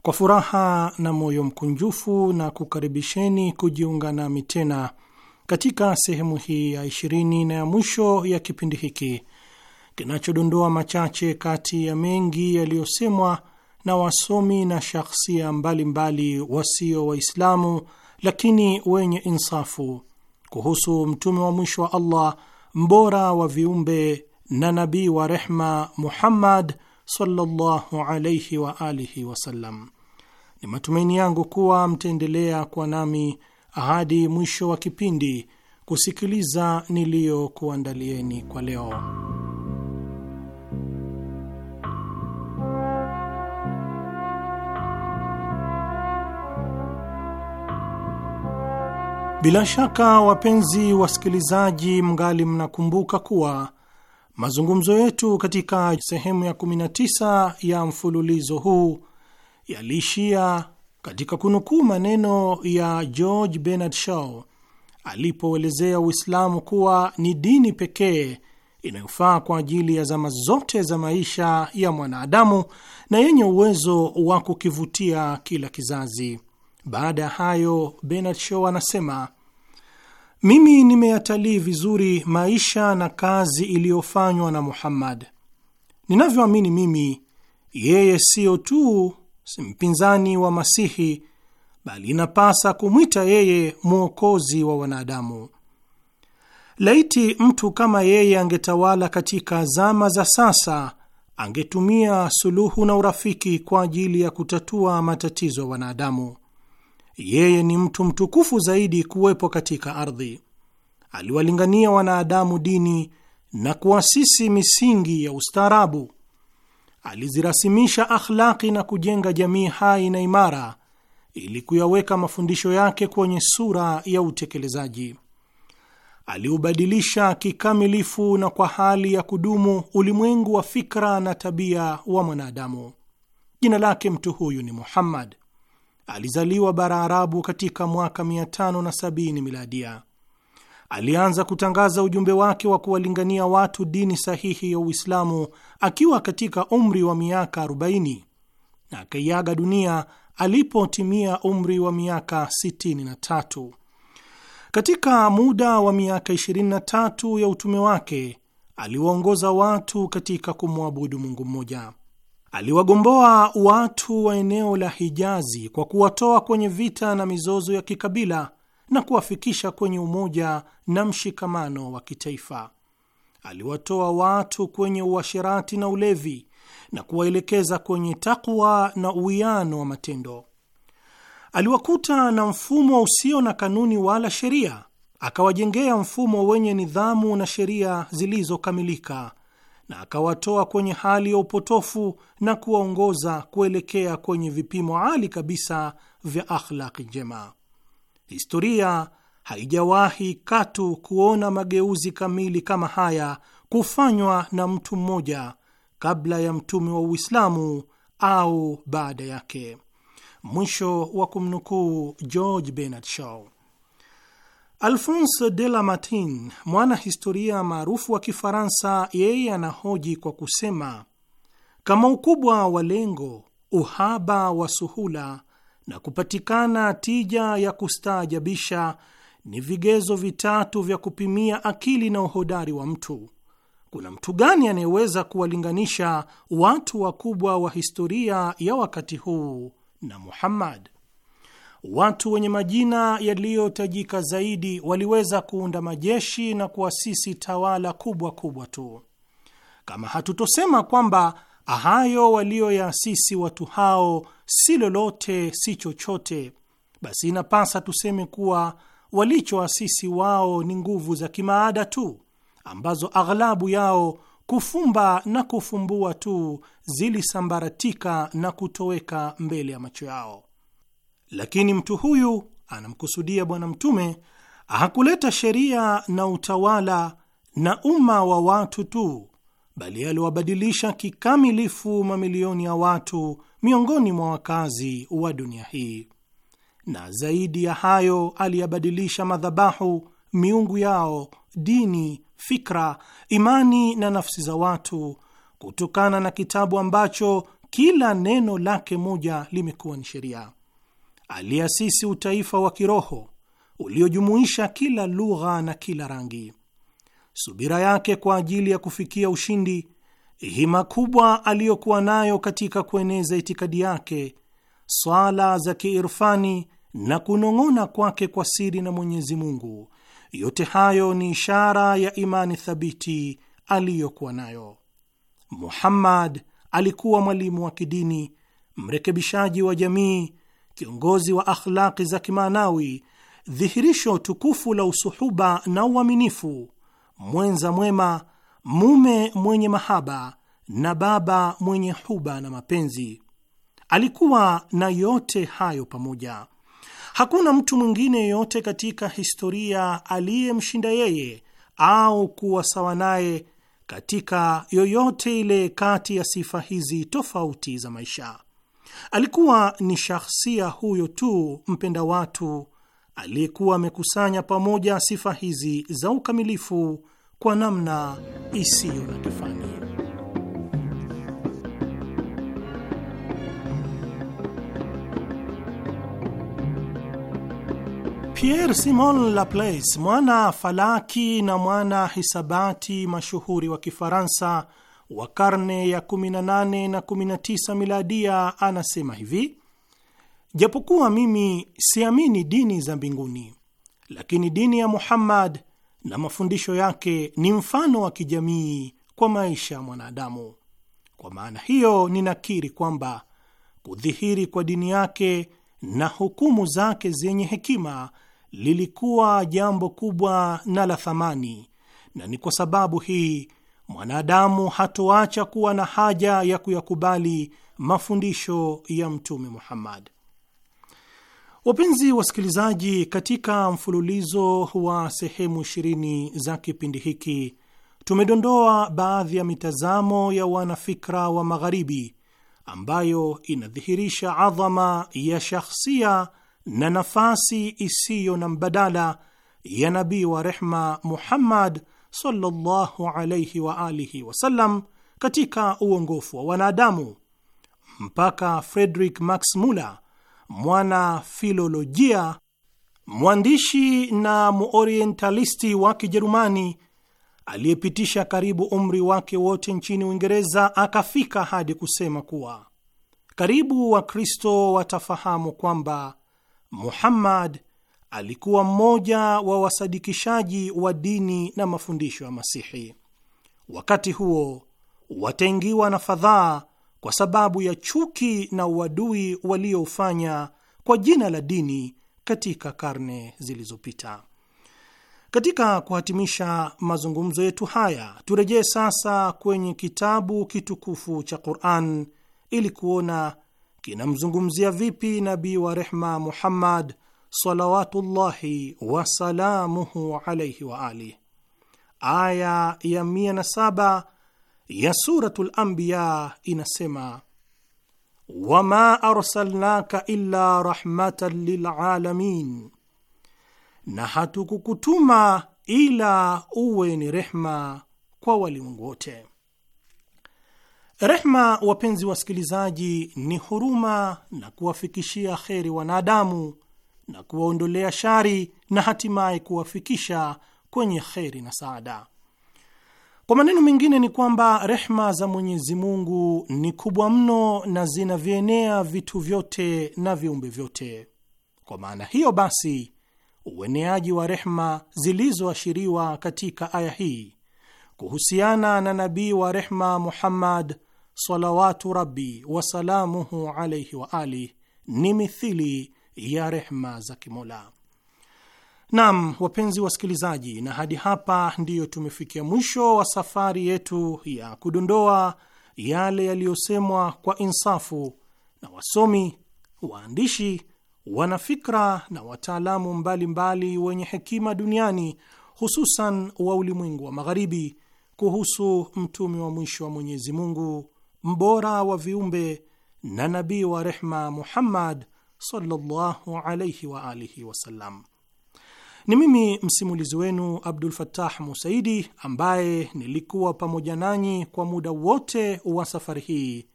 Kwa furaha na moyo mkunjufu na kukaribisheni kujiunga nami tena katika sehemu hii ya ishirini na ya mwisho ya kipindi hiki kinachodondoa machache kati ya mengi yaliyosemwa na wasomi na shakhsia mbalimbali wasio Waislamu lakini wenye insafu kuhusu mtume wa mwisho wa Allah mbora wa viumbe na nabii wa rehma Muhammad sallallahu alayhi wa alihi wasallam. Ni matumaini yangu kuwa mtaendelea kwa nami hadi mwisho wa kipindi kusikiliza niliyokuandalieni kwa leo. Bila shaka wapenzi wasikilizaji, mngali mnakumbuka kuwa mazungumzo yetu katika sehemu ya 19 ya mfululizo huu yaliishia katika kunukuu maneno ya George Bernard Shaw alipoelezea Uislamu kuwa ni dini pekee inayofaa kwa ajili ya zama zote za maisha ya mwanadamu na yenye uwezo wa kukivutia kila kizazi. Baada ya hayo, Bernard Shaw anasema mimi nimeyatalii vizuri maisha na kazi iliyofanywa na Muhammad. Ninavyoamini mimi, yeye siyo tu si mpinzani wa Masihi, bali inapasa kumwita yeye mwokozi wa wanadamu. Laiti mtu kama yeye angetawala katika zama za sasa, angetumia suluhu na urafiki kwa ajili ya kutatua matatizo ya wanadamu yeye ni mtu mtukufu zaidi kuwepo katika ardhi. Aliwalingania wanadamu dini na kuasisi misingi ya ustaarabu. Alizirasimisha akhlaki na kujenga jamii hai na imara ili kuyaweka mafundisho yake kwenye sura ya utekelezaji. Aliubadilisha kikamilifu na kwa hali ya kudumu ulimwengu wa fikra na tabia wa mwanadamu. Jina lake mtu huyu ni Muhammad, Alizaliwa bara Arabu katika mwaka 570 miladia. Alianza kutangaza ujumbe wake wa kuwalingania watu dini sahihi ya Uislamu akiwa katika umri wa miaka 40 na akaiaga dunia alipotimia umri wa miaka 63. Katika muda wa miaka 23 ya utume wake aliwaongoza watu katika kumwabudu Mungu mmoja. Aliwagomboa watu wa eneo la Hijazi kwa kuwatoa kwenye vita na mizozo ya kikabila na kuwafikisha kwenye umoja na mshikamano wa kitaifa. Aliwatoa watu kwenye uasherati na ulevi na kuwaelekeza kwenye takwa na uwiano wa matendo. Aliwakuta na mfumo usio na kanuni wala sheria, akawajengea mfumo wenye nidhamu na sheria zilizokamilika na akawatoa kwenye hali ya upotofu na kuwaongoza kuelekea kwenye vipimo ali kabisa vya akhlaki njema. Historia haijawahi katu kuona mageuzi kamili kama haya kufanywa na mtu mmoja kabla ya mtume wa Uislamu au baada yake. Mwisho wa kumnukuu George Bernard Shaw. Alphonse de Lamartine, mwana historia maarufu wa Kifaransa, yeye anahoji kwa kusema kama ukubwa wa lengo, uhaba wa suhula na kupatikana tija ya kustaajabisha ni vigezo vitatu vya kupimia akili na uhodari wa mtu, kuna mtu gani anayeweza kuwalinganisha watu wakubwa wa historia ya wakati huu na Muhammad? watu wenye majina yaliyotajika zaidi waliweza kuunda majeshi na kuasisi tawala kubwa kubwa tu. Kama hatutosema kwamba hayo walioyaasisi watu hao si lolote si chochote, basi inapasa tuseme kuwa walichoasisi wao ni nguvu za kimaada tu ambazo aghlabu yao kufumba na kufumbua tu zilisambaratika na kutoweka mbele ya macho yao lakini mtu huyu anamkusudia Bwana Mtume hakuleta sheria na utawala na umma wa watu tu, bali aliwabadilisha kikamilifu mamilioni ya watu miongoni mwa wakazi wa dunia hii, na zaidi ya hayo aliyabadilisha madhabahu, miungu yao, dini, fikra, imani na nafsi za watu, kutokana na kitabu ambacho kila neno lake moja limekuwa ni sheria aliasisi utaifa wa kiroho uliojumuisha kila lugha na kila rangi. Subira yake kwa ajili ya kufikia ushindi, hima kubwa aliyokuwa nayo katika kueneza itikadi yake, swala za kiirfani na kunong'ona kwake kwa siri na Mwenyezi Mungu, yote hayo ni ishara ya imani thabiti aliyokuwa nayo. Muhammad alikuwa mwalimu wa kidini, mrekebishaji wa jamii kiongozi wa akhlaqi za kimaanawi, dhihirisho tukufu la usuhuba na uaminifu, mwenza mwema, mume mwenye mahaba na baba mwenye huba na mapenzi. Alikuwa na yote hayo pamoja. Hakuna mtu mwingine yeyote katika historia aliyemshinda yeye au kuwa sawa naye katika yoyote ile kati ya sifa hizi tofauti za maisha. Alikuwa ni shahsia huyo tu mpenda watu aliyekuwa amekusanya pamoja sifa hizi za ukamilifu kwa namna isiyo na kifani. Pierre Simon Laplace, mwana falaki na mwana hisabati mashuhuri wa Kifaransa, wa karne ya 18 na 19 miladia, anasema hivi: japokuwa mimi siamini dini za mbinguni, lakini dini ya Muhammad na mafundisho yake ni mfano wa kijamii kwa maisha ya mwanadamu. Kwa maana hiyo, ninakiri kwamba kudhihiri kwa dini yake na hukumu zake zenye hekima lilikuwa jambo kubwa na la thamani, na ni kwa sababu hii mwanadamu hatoacha kuwa na haja ya kuyakubali mafundisho ya Mtume Muhammad. Wapenzi wasikilizaji, katika mfululizo wa sehemu ishirini za kipindi hiki tumedondoa baadhi ya mitazamo ya wanafikra wa Magharibi ambayo inadhihirisha adhama ya shakhsia na nafasi isiyo na mbadala ya nabii wa rehma Muhammad sallallahu alayhi wa alihi wasallam katika uongofu wa wanadamu mpaka Frederick Max Muller, mwana filolojia, mwandishi na muorientalisti wa Kijerumani aliyepitisha karibu umri wake wote nchini Uingereza, akafika hadi kusema kuwa karibu Wakristo watafahamu kwamba Muhammad alikuwa mmoja wa wasadikishaji wa dini na mafundisho ya Masihi. Wakati huo wataingiwa na fadhaa kwa sababu ya chuki na uadui walioufanya kwa jina la dini katika karne zilizopita. Katika kuhatimisha mazungumzo yetu haya, turejee sasa kwenye kitabu kitukufu cha Quran ili kuona kinamzungumzia vipi nabii wa rehma Muhammad salawatullahi wasalamuhu alaihi wa alih. Aya ya 107 ya Suratul Anbiya inasema wama arsalnaka illa rahmatan lilalamin, na hatukukutuma ila uwe ni rehma kwa walimwengu wote. Rehma, wapenzi wasikilizaji, ni huruma na kuwafikishia kheri wanadamu na kuwaondolea shari na hatimaye kuwafikisha kwenye kheri na saada. Kwa maneno mengine ni kwamba rehma za Mwenyezi Mungu ni kubwa mno na zinavyoenea vitu vyote na viumbe vyote. Kwa maana hiyo basi, ueneaji wa rehma zilizoashiriwa katika aya hii kuhusiana na nabii wa rehma Muhammad salawatu rabi wasalamuhu alaihi wa alih ni mithili ya rehma za Kimola. Nam, wapenzi wasikilizaji, na hadi hapa ndiyo tumefikia mwisho wa safari yetu ya kudondoa yale yaliyosemwa kwa insafu na wasomi, waandishi, wanafikra na wataalamu mbalimbali wenye hekima duniani, hususan wa ulimwengu wa Magharibi, kuhusu mtume wa mwisho wa Mwenyezi Mungu, mbora wa viumbe na nabii wa rehma Muhammad sallallahu alayhi wa alihi wasallam. Ni mimi msimulizi wenu Abdul Fattah Musaidi ambaye nilikuwa pamoja nanyi kwa muda wote wa safari hii.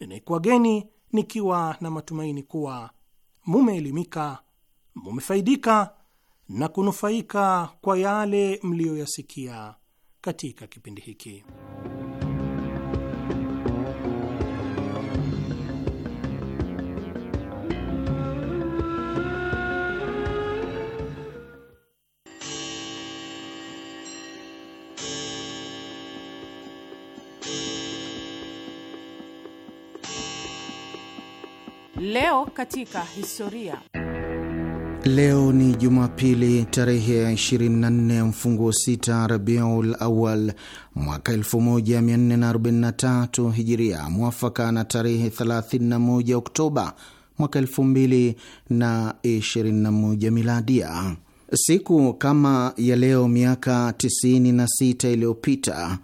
Ninaikuwageni nikiwa na matumaini kuwa mumeelimika, mumefaidika na kunufaika kwa yale mliyoyasikia katika kipindi hiki. Leo katika historia. Leo ni Jumapili tarehe ya 24 mfunguo sita Rabiul Awal mwaka 1443 Hijiria, mwafaka na tarehe 31 Oktoba mwaka 2021 Miladia. Siku kama ya leo miaka 96 iliyopita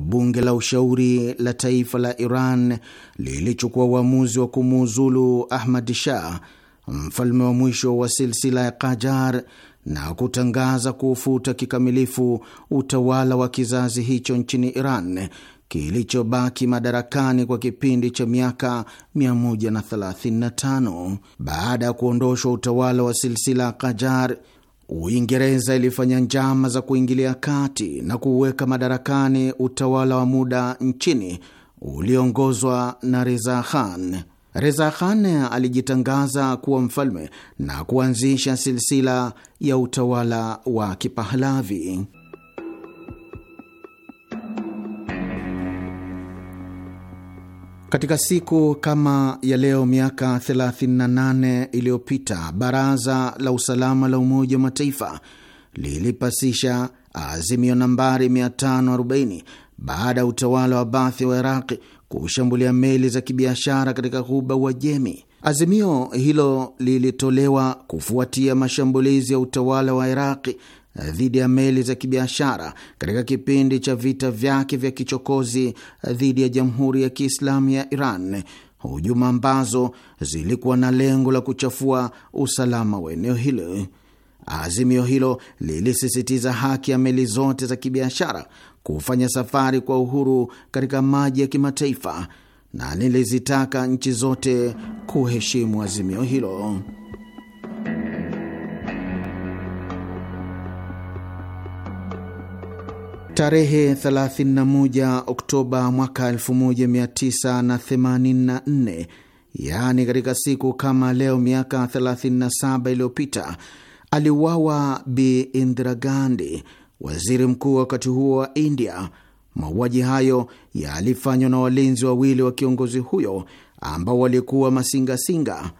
bunge la ushauri la taifa la Iran lilichukua uamuzi wa kumuuzulu Ahmad Shah, mfalme wa mwisho wa silsila ya kajar na kutangaza kuufuta kikamilifu utawala wa kizazi hicho nchini Iran kilichobaki madarakani kwa kipindi cha miaka 135 baada ya kuondoshwa utawala wa silsila kajar Uingereza ilifanya njama za kuingilia kati na kuweka madarakani utawala wa muda nchini ulioongozwa na Reza Khan. Reza Khan alijitangaza kuwa mfalme na kuanzisha silsila ya utawala wa Kipahlavi. Katika siku kama ya leo miaka 38 iliyopita Baraza la Usalama la Umoja wa Mataifa lilipasisha azimio nambari 540 baada ya utawala wa Bathi wa Iraqi kushambulia meli za kibiashara katika ghuba Jemi. Azimio hilo lilitolewa kufuatia mashambulizi ya utawala wa Iraqi dhidi ya meli za kibiashara katika kipindi cha vita vyake vya kichokozi dhidi ya Jamhuri ya Kiislamu ya Iran, hujuma ambazo zilikuwa na lengo la kuchafua usalama wa eneo hilo. Azimio hilo lilisisitiza haki ya meli zote za kibiashara kufanya safari kwa uhuru katika maji ya kimataifa na lilizitaka nchi zote kuheshimu azimio hilo. Tarehe 31 Oktoba mwaka 1984, yaani katika siku kama leo miaka 37 iliyopita, aliuawa Bi Indira Gandhi, waziri mkuu wakati huo wa India. Mauaji hayo yalifanywa na walinzi wawili wa kiongozi huyo ambao walikuwa masingasinga.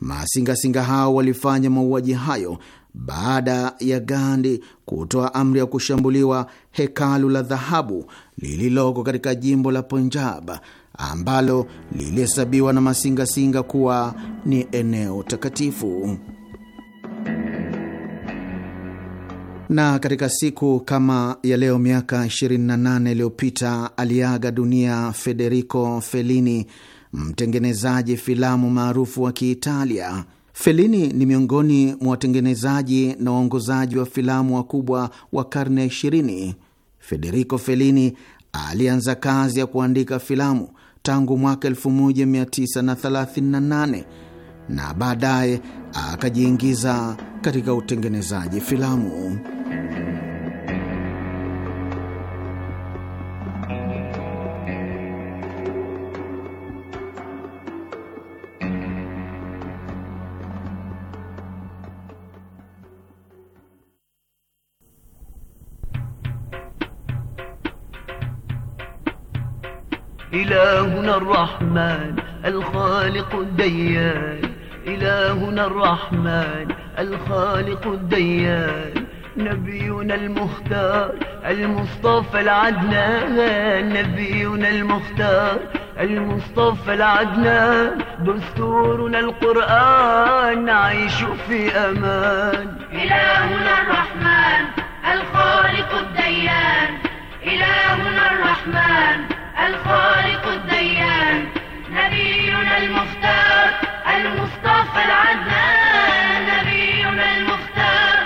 Masingasinga hao walifanya mauaji hayo baada ya Gandhi kutoa amri ya kushambuliwa hekalu la dhahabu lililoko katika jimbo la Punjab ambalo lilihesabiwa na masingasinga kuwa ni eneo takatifu. Na katika siku kama ya leo miaka 28 iliyopita aliaga dunia Federico Fellini, mtengenezaji filamu maarufu wa Kiitalia. Felini ni miongoni mwa watengenezaji na waongozaji wa filamu wakubwa wa karne ya ishirini. Federico Felini alianza kazi ya kuandika filamu tangu mwaka 1938 na baadaye akajiingiza katika utengenezaji filamu. إلهنا الرحمن الخالق الديان إلهنا الرحمن الخالق الديان نبينا المختار المصطفى العدنان نبينا المختار المصطفى العدنان دستورنا القرآن نعيش في أمان إلهنا الرحمن الخالق الديان إلهنا الرحمن الخالق الديان نبينا المختار المصطفى العدنان نبينا المختار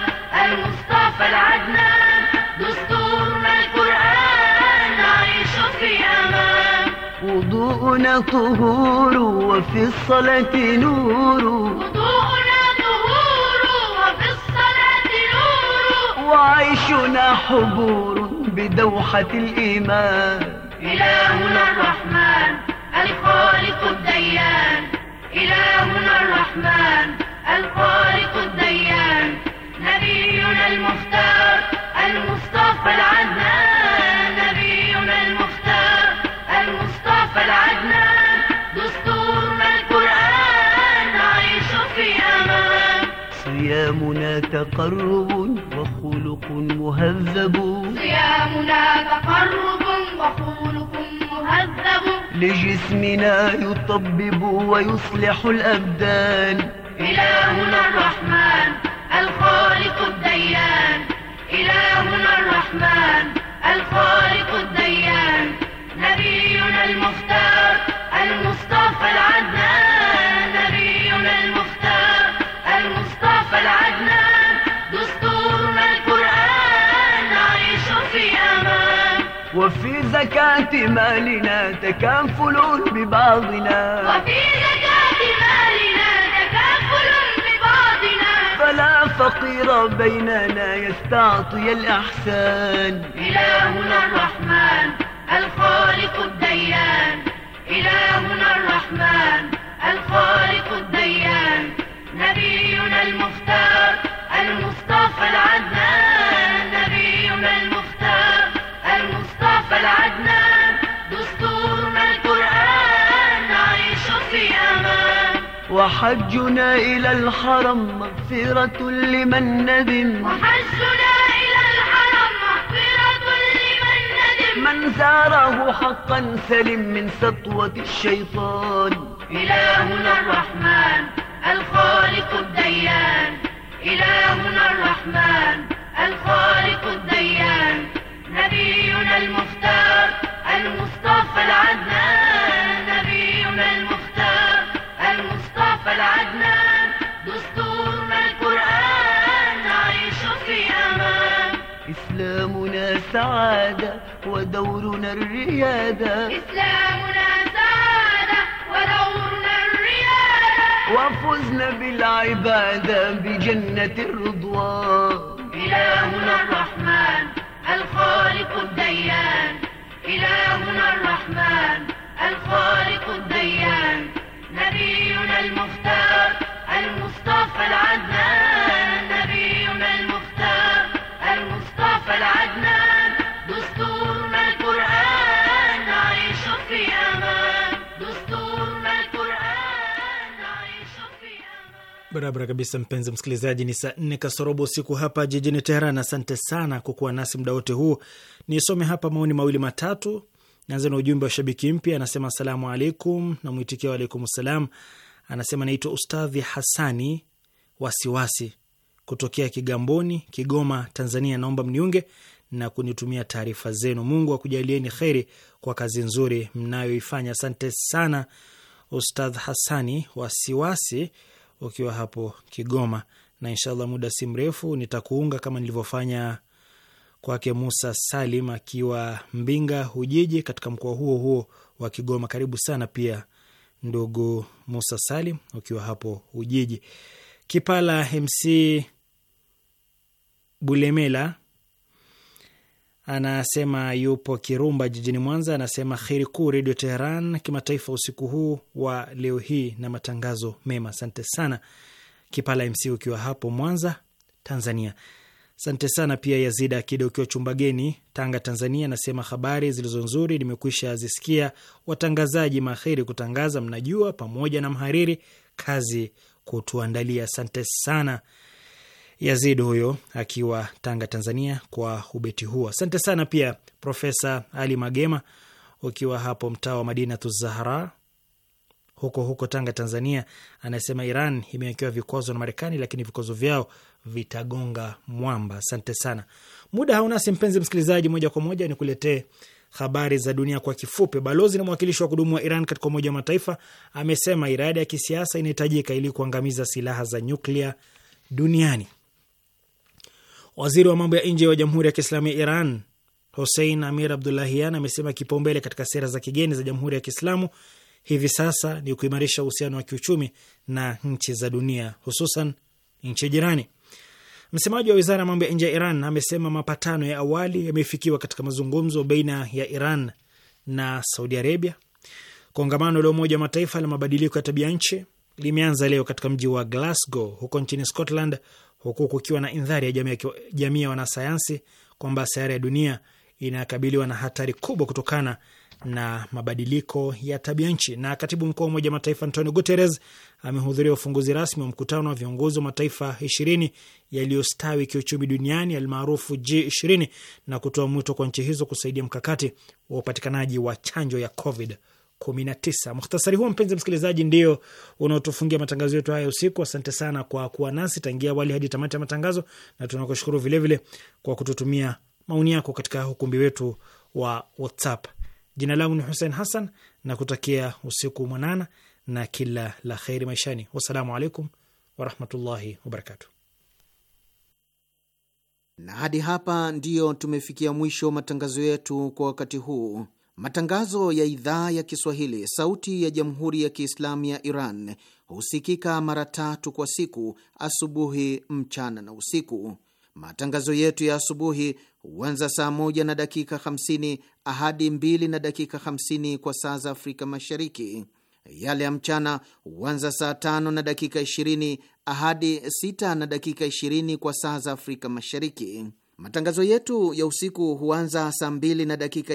المصطفى العدنان دستورنا القرآن نعيش في أمان وضوءنا طهور وفي الصلاة نور وضوءنا طهور وفي الصلاة نور وعيشنا حبور بدوحة الإيمان إلهنا الرحمن الخالق الديان إلهنا الرحمن الخالق الديان نبينا المختار المصطفى العدنان نبينا المختار المصطفى العدنان دستورنا القرآن نعيش في أمان صيامنا تقرب وخلق مهذب صيامنا تقرب وخلق لجسمنا يطبب ويصلح الأبدان إلهنا الرحمن الخالق الديان إلهنا الرحمن الخالق الديان نبينا المختار المصطفى العالم وفي زكاة مالنا تكافل ببعضنا وفي زكاة مالنا تكافل ببعضنا فلا فقير بيننا يستعطي الأحسان إلهنا الرحمن الخالق الديان إلهنا الرحمن الخالق الديان نبينا المختار المصطفى العدنان نبينا المختار بل دستورنا القرآن نعيش في أمان وحجنا إلى الحرم مغفرة لمن ندم وحجنا إلى الحرم مغفرة لمن ندم من زاره حقا سلم من سطوة الشيطان إلهنا الرحمن الخالق الديان إلهنا الرحمن الخالق الديان نبينا المختار المصطفى العدنان نبينا المختار المصطفى العدنان دستورنا القرآن نعيش في أمان إسلامنا سعادة ودورنا الريادة إسلامنا سعادة ودورنا الريادة وفزنا بالعبادة بجنة الرضوان إلهنا الرحمن الخالق الديان إلهنا الرحمن الخالق الديان نبينا المختار المصطفى العدنان Barabara kabisa, mpenzi msikilizaji, ni saa nne kasorobo usiku hapa jijini Teheran. Asante sana kwa kuwa nasi muda wote huu. Nisome hapa maoni mawili matatu. Nianze na ujumbe wa shabiki mpya, anasema asalamu alaikum, na mwitikia waalaikum salam. Anasema naitwa Ustadhi Hasani Wasiwasi kutokea Kigamboni, Kigoma, Tanzania. Naomba mniunge na kunitumia taarifa zenu. Mungu akujalieni kheri kwa kazi nzuri mnayoifanya. Asante sana Ustadh Hasani Wasiwasi ukiwa hapo Kigoma, na inshallah muda si mrefu nitakuunga kama nilivyofanya kwake Musa Salim akiwa Mbinga Ujiji katika mkoa huo huo wa Kigoma. Karibu sana pia ndugu Musa Salim ukiwa hapo Ujiji. Kipala MC Bulemela anasema yupo Kirumba jijini Mwanza. Anasema kheri kuu Redio Teheran kimataifa usiku huu wa leo hii na matangazo mema. Asante sana Kipala MC ukiwa hapo Mwanza, Tanzania. Asante sana pia Yazida Akida ukiwa geni Tanga, Tanzania. Anasema habari zilizo nzuri nimekwisha zisikia, watangazaji maheri kutangaza, mnajua pamoja na mhariri kazi kutuandalia. Asante sana Yazid huyo akiwa Tanga, Tanzania, kwa ubeti huo. Asante sana pia Profesa Ali Magema ukiwa hapo mtaa wa Madinatu Zahara huko huko Tanga, Tanzania, anasema Iran imewekewa vikwazo na Marekani, lakini vikwazo vyao vitagonga mwamba. Asante sana. Muda haunasi, mpenzi msikilizaji, moja kwa moja kuletee habari za dunia kwa kifupi. Balozi na mwakilishi wa kudumu wa Iran katika Umoja wa Mataifa amesema irada ya kisiasa inahitajika ili kuangamiza silaha za nyuklia duniani. Waziri wa mambo ya nje wa Jamhuri ya Kiislamu ya Iran Hussein Amir Abdullahian amesema kipaumbele katika sera za kigeni za Jamhuri ya Kiislamu hivi sasa ni kuimarisha uhusiano wa kiuchumi na nchi za dunia, hususan nchi jirani. Msemaji wa wizara ya mambo ya nje ya Iran amesema mapatano ya awali yamefikiwa katika mazungumzo baina ya Iran na Saudi Arabia, kongamano la Umoja wa Mataifa la mabadiliko ya tabia nchi limeanza leo katika mji wa Glasgow huko nchini Scotland, huku kukiwa na indhari ya jamii ya wanasayansi kwamba sayari ya dunia inakabiliwa na hatari kubwa kutokana na mabadiliko ya tabia nchi. Na katibu mkuu wa Umoja Mataifa Antonio Guterres amehudhuria ufunguzi rasmi wa mkutano wa viongozi wa mataifa ishirini yaliyostawi kiuchumi duniani almaarufu g ishirini na kutoa mwito kwa nchi hizo kusaidia mkakati wa upatikanaji wa chanjo ya COVID 19. Mukhtasari huo mpenzi msikilizaji, ndio unaotufungia matangazo yetu haya usiku. Asante sana kwa kuwa nasi tangia awali hadi tamati ya matangazo, na tunakushukuru vilevile kwa kututumia maoni yako katika ukumbi wetu wa WhatsApp. Jina langu ni Hussein Hassan na kutakia usiku mwanana na kila la kheri maishani. Wassalamu alaikum warahmatullahi wabarakatu. Na hadi hapa ndiyo tumefikia mwisho matangazo yetu kwa wakati huu. Matangazo ya idhaa ya Kiswahili sauti ya jamhuri ya Kiislamu ya Iran husikika mara tatu kwa siku: asubuhi, mchana na usiku. Matangazo yetu ya asubuhi huanza saa moja na dakika 50 ahadi 2 na dakika 50 kwa saa za Afrika Mashariki. Yale ya mchana huanza saa tano na dakika 20 ahadi sita na dakika 20 kwa saa za Afrika Mashariki. Matangazo yetu ya usiku huanza saa 2 na dakika